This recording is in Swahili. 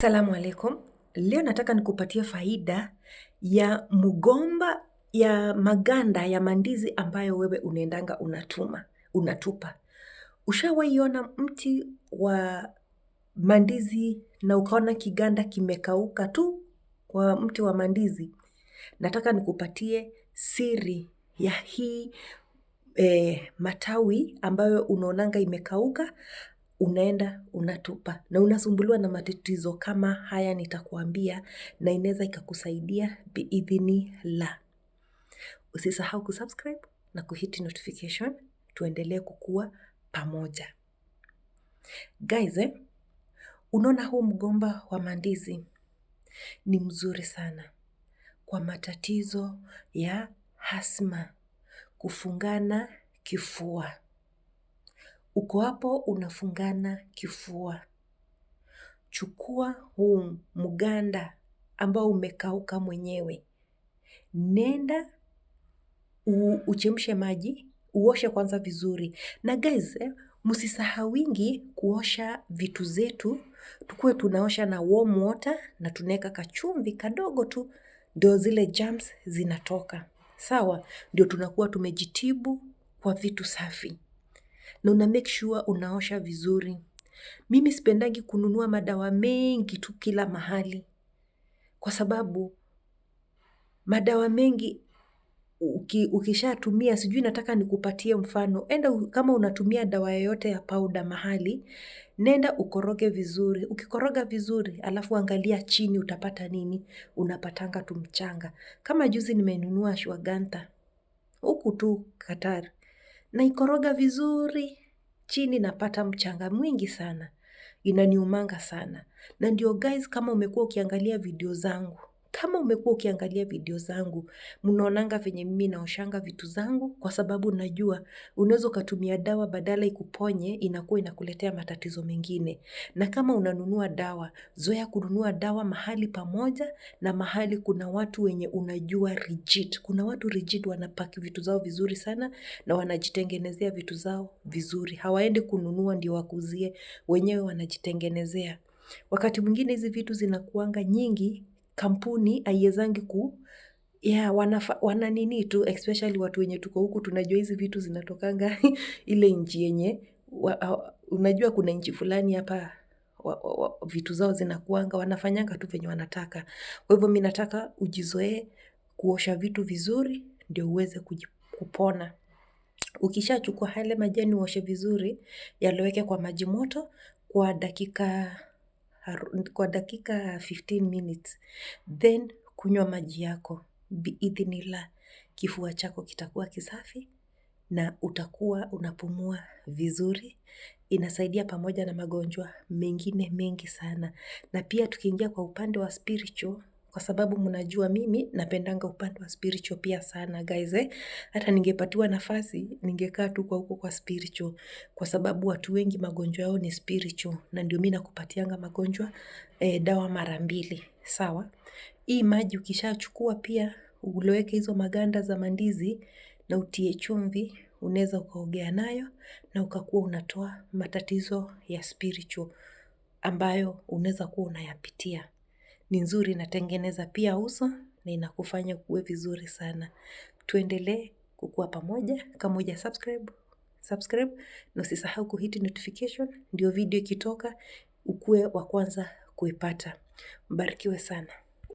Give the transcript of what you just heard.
Salamu alaikum. Leo nataka nikupatie faida ya mgomba ya maganda ya mandizi ambayo wewe unaendanga unatuma, unatupa. Ushawaiona mti wa mandizi na ukaona kiganda kimekauka tu kwa mti wa mandizi? Nataka nikupatie siri ya hii eh, matawi ambayo unaonanga imekauka unaenda unatupa na unasumbuliwa na matatizo kama haya nitakuambia, na inaweza ikakusaidia biidhini la. Usisahau kusubscribe na kuhiti notification, tuendelee kukua pamoja guys. Eh, unaona huu mgomba wa mandizi ni mzuri sana kwa matatizo ya hasma, kufungana kifua Uko hapo unafungana kifua. Chukua huu mganda ambao umekauka mwenyewe, nenda uchemshe maji, uoshe kwanza vizuri. Na guys, eh, wingi kuosha vitu zetu, tukuwe tunaosha na warm water na tunaweka kachumvi kadogo tu, ndio zile germs zinatoka. Sawa, ndio tunakuwa tumejitibu kwa vitu safi na una make sure unaosha vizuri. Mimi sipendagi kununua madawa mengi tu kila mahali. Kwa sababu madawa mengi ukishatumia sijui nataka nikupatie mfano. Enda kama unatumia dawa yoyote ya powder mahali, nenda ukoroge vizuri. Ukikoroga vizuri, alafu angalia chini utapata nini, unapatanga tu mchanga. Kama juzi nimenunua shwaganta huku tu naikoroga vizuri chini napata mchanga mwingi sana. Inaniumanga sana. Na ndio guys kama umekuwa ukiangalia video zangu kama umekuwa ukiangalia video zangu, mnaonanga venye mimi naoshanga vitu zangu, kwa sababu najua unaweza ukatumia dawa badala ikuponye, inakuwa inakuletea matatizo mengine. Na kama unanunua dawa, zoea kununua dawa mahali pamoja na mahali kuna watu wenye unajua rigid. Kuna watu rigid wanapaki vitu zao vizuri sana na wanajitengenezea vitu zao vizuri, hawaendi kununua ndio wakuzie wenyewe wanajitengenezea. Wakati mwingine hizi vitu zinakuanga nyingi kampuni aiwezangi ku yeah, wanafa, wana nini tu especially watu wenye tuko huku tunajua hizi vitu zinatokanga ile nchi yenye unajua kuna nchi fulani hapa wa, wa, wa, vitu zao zinakuanga wanafanyanga tu venye wanataka. Kwa hivyo mi nataka ujizoee kuosha vitu vizuri ndio uweze kupona. Ukishachukua hale majani uoshe vizuri, yaloweke kwa maji moto kwa dakika kwa dakika 15 minutes, then kunywa maji yako biidhinillah, kifua chako kitakuwa kisafi na utakuwa unapumua vizuri. Inasaidia pamoja na magonjwa mengine mengi sana, na pia tukiingia kwa upande wa spiritual kwa sababu mnajua mimi napendanga upande wa spiritual pia sana guys, eh. Hata ningepatiwa nafasi ningekaa tu kwa huko kwa spiritual, kwa sababu watu wengi magonjwa yao ni spiritual, na ndio mimi nakupatianga magonjwa eh, dawa mara mbili sawa. Hii maji ukishachukua pia uloweke hizo maganda za mandizi na utie chumvi, unaweza ukaogea nayo na ukakuwa unatoa matatizo ya spiritual ambayo unaweza kuwa unayapitia ni nzuri, inatengeneza pia uso na inakufanya kuwe vizuri sana. Tuendelee kukuwa pamoja, kama uja subscribe, subscribe na usisahau kuhiti notification, ndio video ikitoka ukuwe wa kwanza kuipata. Mbarikiwe sana.